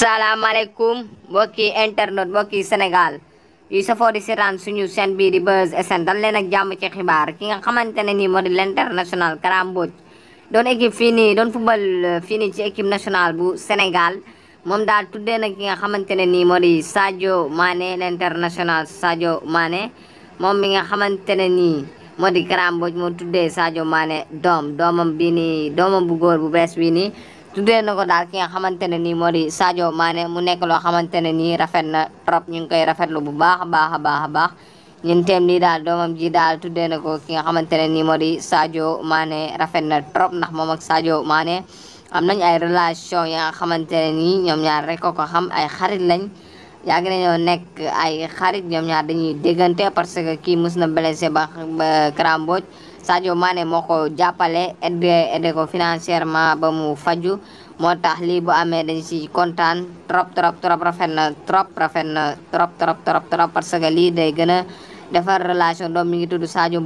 salaamaaleykum mbokki internet mbokki Sénégal yu safoo di seetaan suñu seen bii di Buzz SN dal leen ak jàmm ci xibaar ki nga xamante ne nii moo di l'international Kara Mbodj doon équipe fii nii doon football euh, fii nii ci équipe nationale bu Sénégal moom daal tuddee nag ki nga xamante ne nii moo di Sadio Mané l'international Sadio Mané moom mi nga xamante ne nii moo di Kara moo tuddee Sadio maane doom doomam bii nii doomam bu góor bu bees bii nii tuddee na ko daal ki nga xamante ne nii moo di Sadio Mané mu nekk loo xamante ne nii rafet na trop ñu ngi koy rafetlu bu baax a baax a baax a baax ñun teem lii daal doomam ji daal tuddee na ko ki nga xamante ne nii moo di Sadio Mané rafet na trop ndax moom ak Sadio am nañ ay relation yaa nga xamante ne nii ñoom ñaar rek ko ko xam ay xarit lañ yàgg nañoo nekk ay xarit ñoom ñaar dañuy déggante parce que kii mus na blessé ba Kara Sadio Mané moo ko jàppale aidé aidé ko financièrement ba mu faju moo tax lii bu amee dañ si kontaan trop trop trop rafet na trop rafet na trop trop trop trop parce que lii day gën a defar relation doom mi ngi tudd